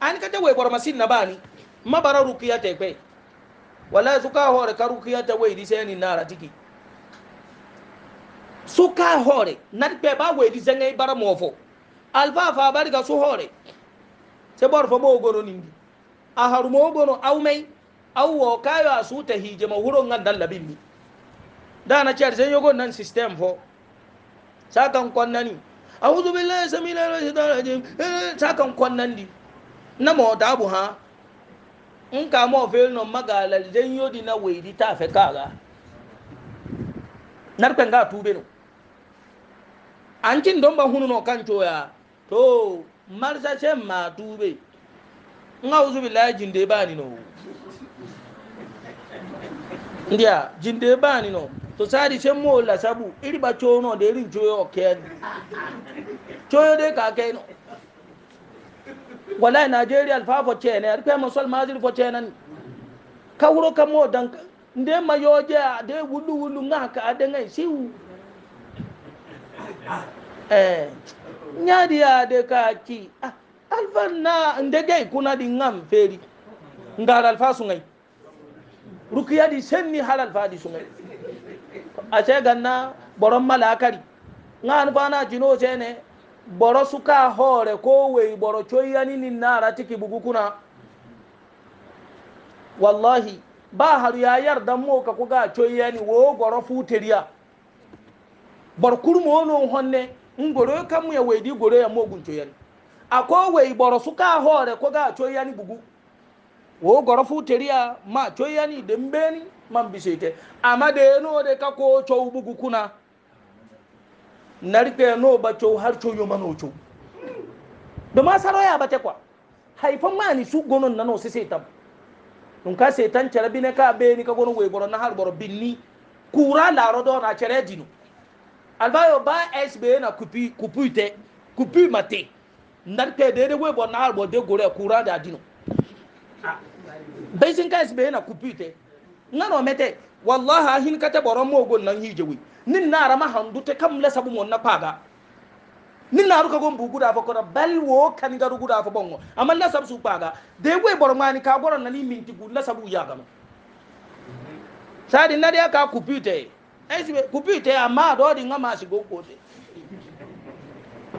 an kate wai boro masin na bani mabara rukiya te kai wala suka hore karu kiyata wedi seni nara tiki suka hore nat pe ba wedi zengai bara mofo alfa fa barga su hore se bor fo bo gono ningi a haru mo gono aw mai aw wo kayo asu ta hije ma huro ngan dalla bimmi dana char sen yogo nan system fo sakan konnani a'udhu billahi samina rajim eh, sakan konnandi na mo dabu ha in ka mo fel no magala jen yodi na weidi ta fe kaga narkan ga tube no an kin don ban hunu no kan coya to marsa ce ma tube nga uzu billahi jinde bani no ndia jinde bani no to sari ce mo la sabu iri ba cono de irin coyo ken coyo de ka ken no wallahi nigeria alfa foce ne arfe musol mazir foce nan ka wuro ka mo dan nde ma yoje de wulu wulu nga ka ade ngai siwu eh nyadi ya de ka ci ah, alfa na nde gai kuna di ngam feri ngar alfa su ngai rukiya di senni halal alfa di su ngai a ce ganna boron malakari nga an bana jino ce ne boro suka hore ko wei boro coyyani linnara tiki bugu kuna wallahi ba haru ya yarda mo ka kuga coyyani wo goro futeriya bor kurmo no honne ngoro kamu ya weidi goro ya mogun coyyani ako wei boro suka hore ko ga coyyani bugu wo goro futeriya ma coyyani dembeni man bisete ama de no de ka ko cow bugu kuna ya no bacho har cho yo mano cho do ma saro ya bate kwa haifan ma ni su gonon na se se tab dun ka se tan chere bine ka be ni ka gonon we boro na har boro binni kura la ro do na chere dinu albayo ba sb na kupi kupite kupi mate narpe de de we boro na har boro de gore kura da dinu bezin ka sb na kupite no mete wallahi hin ka te boro mo gon nan hijewi nin nara ma handu te kam le sabu mon na paga nin naru ka gon buguda fa kora bal wo kan garu guda fa bongo Amal la sabu su paga de we bor mani ka bor na li minti gu la sabu ya gama sadi na dia ka kupite esibe kupite amma do di ngama si go ko te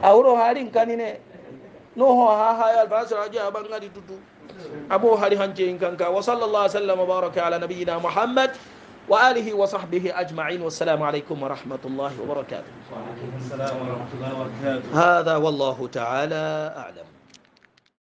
awro harin kanine no ho ha ha al fasra ja bangadi tutu abu hari hanje inkanka wa sallallahu alaihi wasallam baraka ala nabiyyina muhammad وآله وصحبه أجمعين والسلام عليكم ورحمة الله وبركاته هذا والله تعالى أعلم